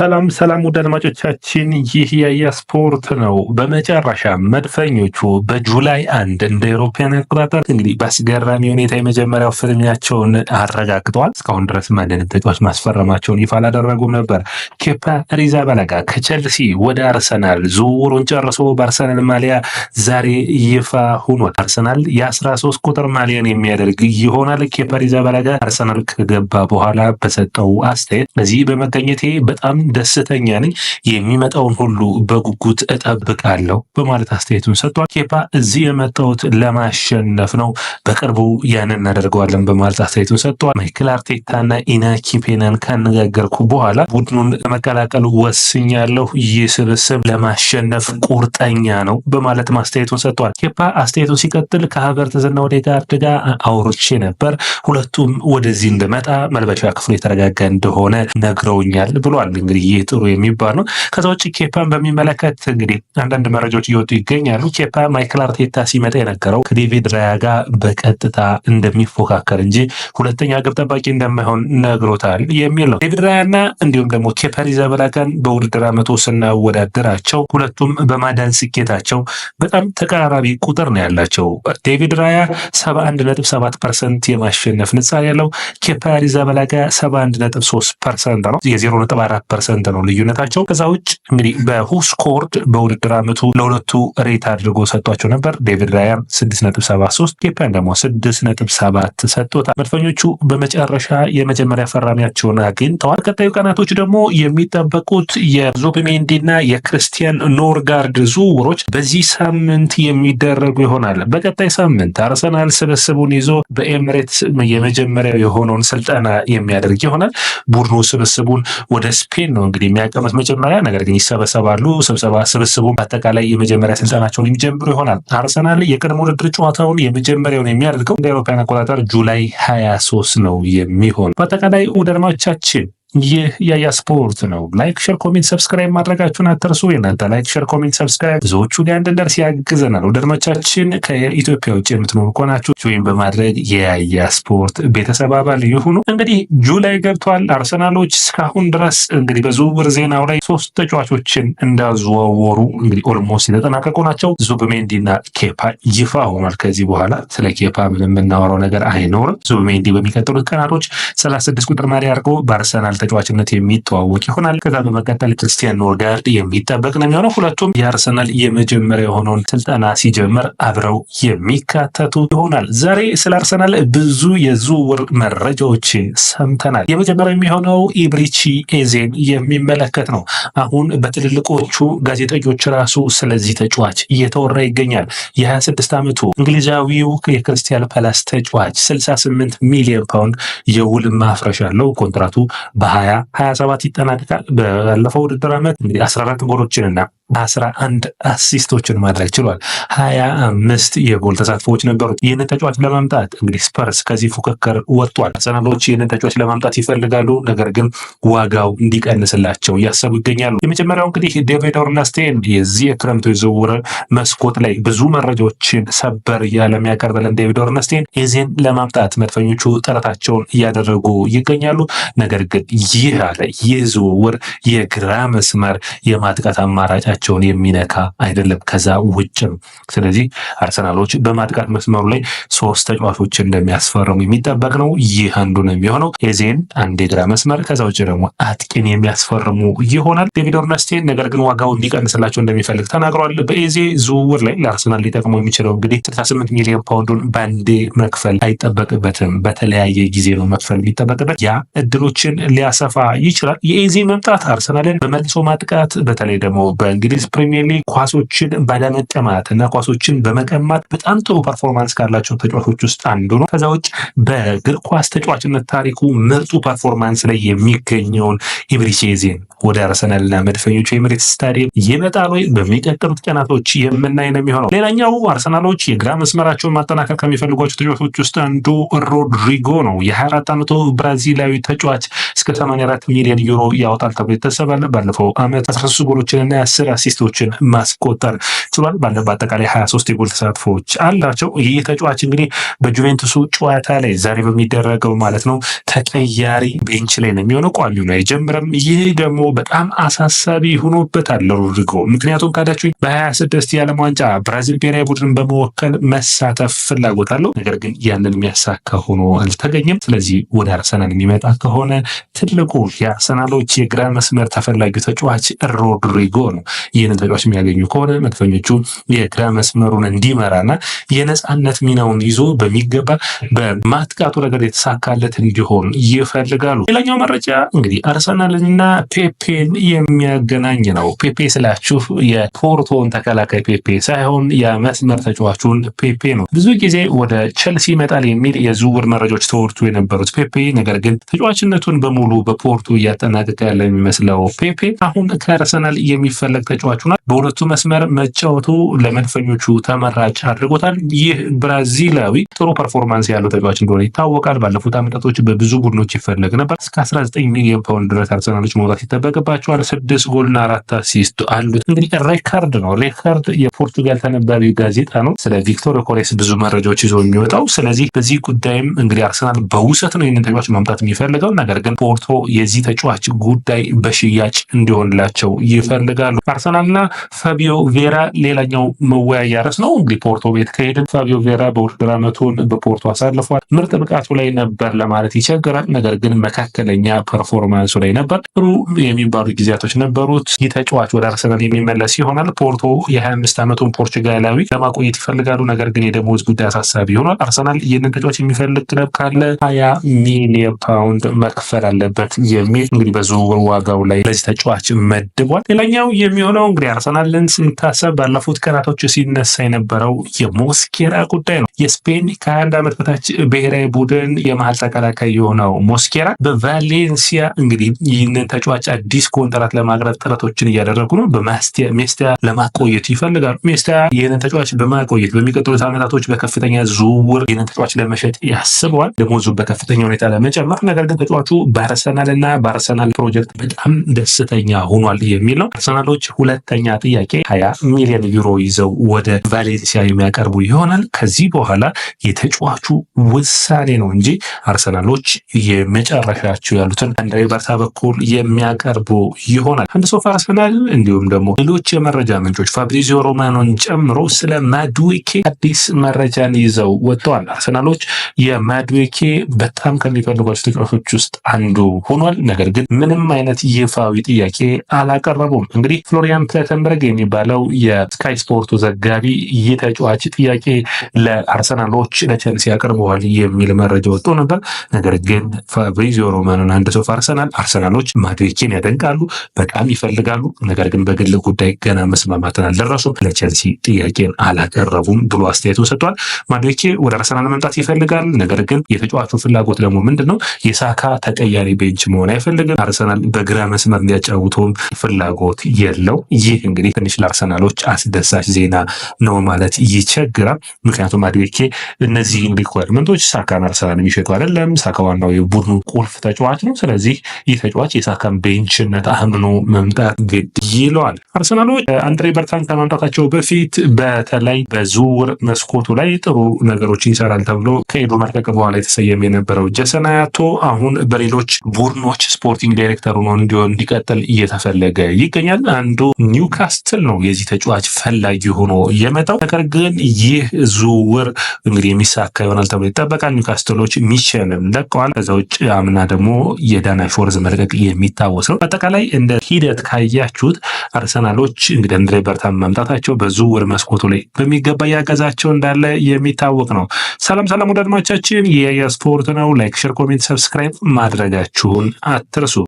ሰላም ሰላም ውድ አድማጮቻችን ይህ ያያ ስፖርት ነው። በመጨረሻ መድፈኞቹ በጁላይ አንድ እንደ ኤሮፓያን አቆጣጠር እንግዲህ በአስገራሚ ሁኔታ የመጀመሪያው ፍልሚያቸውን አረጋግጠዋል። እስካሁን ድረስ ማንንም ተጫዋች ማስፈረማቸውን ይፋ አላደረጉም ነበር። ኬፓ አሪዛባላጋ ከቸልሲ ወደ አርሰናል ዝውውሩን ጨርሶ በአርሰናል ማሊያ ዛሬ ይፋ ሆኗል። አርሰናል የ13 ቁጥር ማሊያን የሚያደርግ ይሆናል። ኬፓ አሪዛባላጋ አርሰናል ከገባ በኋላ በሰጠው አስተያየት እዚህ በመገኘቴ በጣም ደስተኛ ነኝ፣ የሚመጣውን ሁሉ በጉጉት እጠብቃለሁ በማለት አስተያየቱን ሰጥቷል። ኬፓ እዚህ የመጣሁት ለማሸነፍ ነው፣ በቅርቡ ያንን እናደርገዋለን በማለት አስተያየቱን ሰጥቷል። ማይክል አርቴታና ኢናኪ ፔናን ካነጋገርኩ በኋላ ቡድኑን ለመቀላቀል ወስኛለሁ፣ ይህ ስብስብ ለማሸነፍ ቁርጠኛ ነው በማለት ማስተያየቱን ሰጥቷል። ኬፓ አስተያየቱን ሲቀጥል ከሀቨርትዝና ኦዴጋርድ ጋር አውርቼ ነበር ሁለቱም ወደዚህ እንደመጣ መልበሻ ክፍሉ የተረጋጋ እንደሆነ ነግረውኛል ብሏል እንግዲህ ይህ ጥሩ የሚባል ነው። ከዛ ውጭ ኬፓን በሚመለከት እንግዲህ አንዳንድ መረጃዎች እየወጡ ይገኛሉ። ኬፓ ማይክል አርቴታ ሲመጣ የነገረው ከዴቪድ ራያ ጋር በቀጥታ እንደሚፎካከር እንጂ ሁለተኛ ግብ ጠባቂ እንደማይሆን ነግሮታል የሚል ነው። ዴቪድ ራያና እንዲሁም ደግሞ ኬፓ ሪዘበላጋን በውድድር አመቶ ስናወዳደራቸው ሁለቱም በማዳን ስኬታቸው በጣም ተቀራራቢ ቁጥር ነው ያላቸው። ዴቪድ ራያ 71.7 ፐርሰንት የማሸነፍ ንጻ ያለው ኬፓ ሪዘበላጋ 71.3 ፐርሰንት ነው የ0.4 ፐርሰንት ነው ልዩነታቸው። ከዛ ውጭ እንግዲህ በሁስኮርድ በውድድር ዓመቱ ለሁለቱ ሬት አድርጎ ሰጥቷቸው ነበር። ዴቪድ ራያን 6.73 ኬፓን ደግሞ 6.7 ሰጥቶታል። መድፈኞቹ በመጨረሻ የመጀመሪያ ፈራሚያቸውን አግኝተዋል። ቀጣዩ ቀናቶች ደግሞ የሚጠበቁት የዙቢሜንዲና የክርስቲያን ኖርጋርድ ዝውውሮች በዚህ ሳምንት የሚደረጉ ይሆናል። በቀጣይ ሳምንት አርሰናል ስብስቡን ይዞ በኤምሬትስ የመጀመሪያው የሆነውን ስልጠና የሚያደርግ ይሆናል። ቡድኑ ስብስቡን ወደ ስፔን ነው እንግዲህ የሚያቀኑት መጀመሪያ። ነገር ግን ይሰበሰባሉ። ስብሰባ ስብስቡ አጠቃላይ የመጀመሪያ ስልጠናቸውን የሚጀምሩ ይሆናል። አርሰናል የቅድመ ውድድር ጨዋታውን የመጀመሪያውን የሚያደርገው እንደ አውሮፓውያን አቆጣጠር ጁላይ 23 ነው የሚሆን። በአጠቃላይ ውድ ይህ ያያ ስፖርት ነው። ላይክ ሸር፣ ኮሜንት፣ ሰብስክራይብ ማድረጋችሁን አትርሱ። የእናንተ ላይክ ሸር፣ ኮሜንት፣ ሰብስክራይብ ብዙዎቹ ጋር እንድንደርስ ያግዘናል። ወደ ከኢትዮጵያ ውጭ የምትኖሩ ከሆናችሁ ወይም በማድረግ የያያ ስፖርት ቤተሰብ አባል የሆኑ እንግዲህ ጁላይ ገብቷል። አርሰናሎች እስካሁን ድረስ እንግዲህ በዝውውር ዜናው ላይ ሶስት ተጫዋቾችን እንዳዘዋወሩ እንግዲህ ኦልሞስት የተጠናቀቁ ናቸው። ዙብሜንዲና ኬፓ ይፋ ሆኗል። ከዚህ በኋላ ስለ ኬፓ ምንም የምናወራው ነገር አይኖርም። ዙብሜንዲ በሚቀጥሉት ቀናቶች ሰላሳ ስድስት ቁጥር ማሊያ አድርጎ በአርሰናል ተጫዋችነት የሚተዋወቅ ይሆናል። ከዛ በመቀጠል ክርስቲያን ኖርጋርድ የሚጠበቅ ነው የሚሆነው። ሁለቱም የአርሰናል የመጀመሪያ የሆነውን ስልጠና ሲጀምር አብረው የሚካተቱ ይሆናል። ዛሬ ስለ አርሰናል ብዙ የዝውውር መረጃዎች ሰምተናል። የመጀመሪያው የሚሆነው ኢብሪቺ ኤዜን የሚመለከት ነው። አሁን በትልልቆቹ ጋዜጠኞች ራሱ ስለዚህ ተጫዋች እየተወራ ይገኛል። የ26 ዓመቱ እንግሊዛዊው የክርስቲያን ፓላስ ተጫዋች 68 ሚሊዮን ፓውንድ የውል ማፍረሻ አለው። ኮንትራቱ በ በሀያ ሀያ ሰባት ይጠናቀቃል። ባለፈው ውድድር ዓመት እንግዲህ አስራ አራት ጎሎችን እና አስራ አንድ አሲስቶችን ማድረግ ችሏል። ሀያ አምስት የጎል ተሳትፎዎች ነበሩት። ይህንን ተጫዋች ለማምጣት እንግዲህ ስፐርስ ከዚህ ፉክክር ወጥቷል። አርሰናሎች ይህንን ተጫዋች ለማምጣት ይፈልጋሉ፣ ነገር ግን ዋጋው እንዲቀንስላቸው እያሰቡ ይገኛሉ። የመጀመሪያው እንግዲህ ዴቪድ ኦርንስቴን የዚህ የክረምቱ የዝውውር መስኮት ላይ ብዙ መረጃዎችን ሰበር እያለ የሚያቀርብልን ዴቪድ ኦርንስቴን ኤዜን ለማምጣት መድፈኞቹ ጥረታቸውን እያደረጉ ይገኛሉ። ነገር ግን ይህ አለ ይህ ዝውውር የግራ መስመር የማጥቃት አማራጫ ራሳቸውን የሚነካ አይደለም ከዛ ውጭም። ስለዚህ አርሰናሎች በማጥቃት መስመሩ ላይ ሶስት ተጫዋቾች እንደሚያስፈርሙ የሚጠበቅ ነው። ይህ አንዱ ነው የሚሆነው የዜን አንድ የግራ መስመር፣ ከዛ ውጭ ደግሞ አጥቂን የሚያስፈርሙ ይሆናል። ዴቪድ ኦርነስቴን ነገር ግን ዋጋው እንዲቀንስላቸው እንደሚፈልግ ተናግሯል። በኤዜ ዝውውር ላይ ለአርሰናል ሊጠቅሙ የሚችለው እንግዲህ 38 ሚሊዮን ፓውንዱን በአንዴ መክፈል አይጠበቅበትም። በተለያየ ጊዜ ነው መክፈል የሚጠበቅበት። ያ እድሎችን ሊያሰፋ ይችላል። የኤዜ መምጣት አርሰናልን በመልሶ ማጥቃት በተለይ ደግሞ በእንግዲህ የእንግሊዝ ፕሪሚየር ሊግ ኳሶችን ባለመቀማት እና ኳሶችን በመቀማት በጣም ጥሩ ፐርፎርማንስ ካላቸው ተጫዋቾች ውስጥ አንዱ ነው። ከዛ ውጭ በእግር ኳስ ተጫዋችነት ታሪኩ ምርጡ ፐርፎርማንስ ላይ የሚገኘውን ኢብሪቼዜን ወደ አርሰናልና መድፈኞቹ ኤምሬትስ ስታዲየም ይመጣል ወይ በሚቀጥሉት ቀናቶች የምናይ ነው የሚሆነው። ሌላኛው አርሰናሎች የግራ መስመራቸውን ማጠናከር ከሚፈልጓቸው ተጫዋቾች ውስጥ አንዱ ሮድሪጎ ነው። የ24 ዓመቱ ብራዚላዊ ተጫዋች እስከ 84 ሚሊዮን ዩሮ ያወጣል ተብሎ ይታሰባል። ባለፈው ዓመት 13 እና 10 አሲስቶችን ማስቆጠር ችሏል። ባለ በአጠቃላይ 23 የጎል ተሳትፎዎች አላቸው። ይህ ተጫዋች እንግዲህ በጁቬንቱሱ ጨዋታ ላይ ዛሬ በሚደረገው ማለት ነው ተቀያሪ ቤንች ላይ ነው የሚሆነው፣ ቋሚው ነው አይጀምርም። ይህ ደግሞ በጣም አሳሳቢ ሆኖበታል ለሮድሪጎ። ምክንያቱም ካዳችሁ በ26 የዓለም ዋንጫ ብራዚል ብሔራዊ ቡድን በመወከል መሳተፍ ፍላጎት አለው። ነገር ግን ያንን የሚያሳካ ሆኖ አልተገኘም። ስለዚህ ወደ አርሰናል የሚመጣ ከሆነ ትልቁ የአርሰናሎች የግራ መስመር ተፈላጊው ተጫዋች ሮድሪጎ ነው። ይህንን ተጫዋች የሚያገኙ ከሆነ መድፈኞቹ የግራ መስመሩን እንዲመራና የነፃነት ሚናውን ይዞ በሚገባ በማጥቃቱ ነገር የተሳካለት እንዲሆን ይፈልጋሉ። ሌላኛው መረጃ እንግዲህ አርሰናልንና ፔፔን የሚያገናኝ ነው። ፔፔ ስላችሁ የፖርቶን ተከላካይ ፔፔ ሳይሆን የመስመር ተጫዋቹን ፔፔ ነው። ብዙ ጊዜ ወደ ቸልሲ ይመጣል የሚል የዝውውር መረጃዎች ተወርቱ የነበሩት ፔፔ ነገር ግን ተጫዋችነቱን በ በሙሉ በፖርቱ እያጠናቀቀ ያለ የሚመስለው ፔፔ አሁን ከአርሰናል የሚፈለግ ተጫዋች ሆኗል። በሁለቱ መስመር መጫወቱ ለመድፈኞቹ ተመራጭ አድርጎታል። ይህ ብራዚላዊ ጥሩ ፐርፎርማንስ ያለው ተጫዋች እንደሆነ ይታወቃል። ባለፉት አመጣቶች በብዙ ቡድኖች ይፈለግ ነበር። እስከ 19 ሚሊዮን ፓውንድ ድረስ አርሰናሎች መውጣት ይጠበቅባቸዋል። ስድስት ጎልና አራት አሲስት አሉት። እንግዲህ ሬካርድ ነው ሬካርድ የፖርቱጋል ተነባቢ ጋዜጣ ነው። ስለ ቪክቶር ኮሬስ ብዙ መረጃዎች ይዞ የሚወጣው ስለዚህ በዚህ ጉዳይም እንግዲህ አርሰናል በውሰት ነው ይህንን ተጫዋች ማምጣት የሚፈልገው ነገር ግን ፖርቶ የዚህ ተጫዋች ጉዳይ በሽያጭ እንዲሆንላቸው ይፈልጋሉ። አርሰናልና ፋቢዮ ቬራ ሌላኛው መወያያ ርዕስ ነው። እንግዲህ ፖርቶ ቤት ከሄድን ፋቢዮ ቬራ በውድድር ዓመቱን በፖርቶ አሳልፏል። ምርጥ ብቃቱ ላይ ነበር ለማለት ይቸግራል። ነገር ግን መካከለኛ ፐርፎርማንሱ ላይ ነበር። ጥሩ የሚባሉ ጊዜያቶች ነበሩት። ይህ ተጫዋች ወደ አርሰናል የሚመለስ ይሆናል። ፖርቶ የ25 ዓመቱን ፖርቹጋላዊ ለማቆየት ይፈልጋሉ። ነገር ግን የደሞዝ ጉዳይ አሳሳቢ ይሆናል። አርሰናል ይህንን ተጫዋች የሚፈልግ ክለብ ካለ ሀያ ሚሊዮን ፓውንድ መክፈል አለ አለበት የሚል እንግዲህ በዝውውር ዋጋው ላይ ለዚህ ተጫዋች መድቧል። ሌላኛው የሚሆነው እንግዲህ አርሰናልን ስንታሰብ ባለፉት ቀናቶች ሲነሳ የነበረው የሞስኬራ ጉዳይ ነው። የስፔን ከ21 ዓመት በታች ብሔራዊ ቡድን የመሀል ተከላካይ የሆነው ሞስኬራ በቫሌንሲያ እንግዲህ ይህንን ተጫዋች አዲስ ኮንትራት ለማቅረብ ጥረቶችን እያደረጉ ነው። ሜስቲያ ለማቆየት ይፈልጋሉ። ሜስቲያ ይህንን ተጫዋች በማቆየት በሚቀጥሉት ዓመታቶች በከፍተኛ ዝውውር ይህንን ተጫዋች ለመሸጥ ያስበዋል። ደሞዙ በከፍተኛ ሁኔታ ለመጨመር ነገር ግን ተጫዋቹ በ አርሰናል እና በአርሰናል ፕሮጀክት በጣም ደስተኛ ሆኗል የሚል ነው። አርሰናሎች ሁለተኛ ጥያቄ ሀያ ሚሊዮን ዩሮ ይዘው ወደ ቫሌንሲያ የሚያቀርቡ ይሆናል። ከዚህ በኋላ የተጫዋቹ ውሳኔ ነው እንጂ አርሰናሎች የመጨረሻቸው ያሉትን አንድሬ በርታ በኩል የሚያቀርቡ ይሆናል። አንድ ሶፍ አርሰናል እንዲሁም ደግሞ ሌሎች የመረጃ ምንጮች ፋብሪዚዮ ሮማኖን ጨምሮ ስለ ማድዌኬ አዲስ መረጃን ይዘው ወጥተዋል። አርሰናሎች የማድዌኬ በጣም ከሚፈልጓቸው ተጫዋቾች ውስጥ አንዱ ሆኗል። ነገር ግን ምንም አይነት ይፋዊ ጥያቄ አላቀረቡም። እንግዲህ ፍሎሪያን ፕሌተንበርግ የሚባለው የስካይ ስፖርቱ ዘጋቢ የተጫዋች ጥያቄ ለአርሰናሎች ለቸልሲ ያቀርበዋል የሚል መረጃ ወጥቶ ነበር። ነገር ግን ፋብሪዚዮ ሮማኖን አንድ ሰው አርሰናል አርሰናሎች ማድሪኬን ያደንቃሉ፣ በጣም ይፈልጋሉ። ነገር ግን በግል ጉዳይ ገና መስማማትን አልደረሱም፣ ለቸልሲ ጥያቄን አላቀረቡም ብሎ አስተያየቱን ሰጥቷል። ማድሪኬ ወደ አርሰናል መምጣት ይፈልጋል። ነገር ግን የተጫዋቹ ፍላጎት ደግሞ ምንድን ነው የሳካ ተቀያሪ ተከላካይ ቤንች መሆን አይፈልግም። አርሰናል በግራ መስመር እንዲያጫውተውም ፍላጎት የለው። ይህ እንግዲህ ትንሽ ለአርሰናሎች አስደሳች ዜና ነው ማለት ይቸግራል። ምክንያቱም አድቤኬ እነዚህን ሪኳርመንቶች ሳካን አርሰናል የሚሸጡ አይደለም። ሳካ ዋናው የቡድኑ ቁልፍ ተጫዋች ነው። ስለዚህ ይህ ተጫዋች የሳካን ቤንችነት አምኖ መምጣት ግድ ይለዋል። አርሰናሎች አንድሬ በርታን ከማምጣታቸው በፊት በተለይ በዝውውር መስኮቱ ላይ ጥሩ ነገሮችን ይሰራል ተብሎ ከኤዱ መልቀቅ በኋላ የተሰየመ የነበረው ጀሰናያቶ አሁን በሌሎች ሰዎች ቡድኖች ስፖርቲንግ ዳይሬክተር ሆኖ እንዲሆን እንዲቀጥል እየተፈለገ ይገኛል። አንዱ ኒውካስትል ነው የዚህ ተጫዋች ፈላጊ ሆኖ የመጣው። ነገር ግን ይህ ዝውውር እንግዲህ የሚሳካ ይሆናል ተብሎ ይጠበቃል። ኒውካስትሎች ሚሽንም ለቀዋል። ከዛ ውጭ አምና ደግሞ የዳና ፎርዝ መልቀቅ የሚታወስ ነው። በአጠቃላይ እንደ ሂደት ካያችሁት አርሰናሎች እንግዲህ አንድሬ በርታን መምጣታቸው በዝውውር መስኮቱ ላይ በሚገባ ያገዛቸው እንዳለ የሚታወቅ ነው። ሰላም ሰላም ወዳድማቻችን የየስፖርት ነው። ላይክ፣ ሼር፣ ኮሜንት፣ ሰብስክራይብ ማድረግ ያላችሁን አትርሱ።